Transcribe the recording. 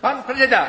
Πάμε, Φρυγέντα.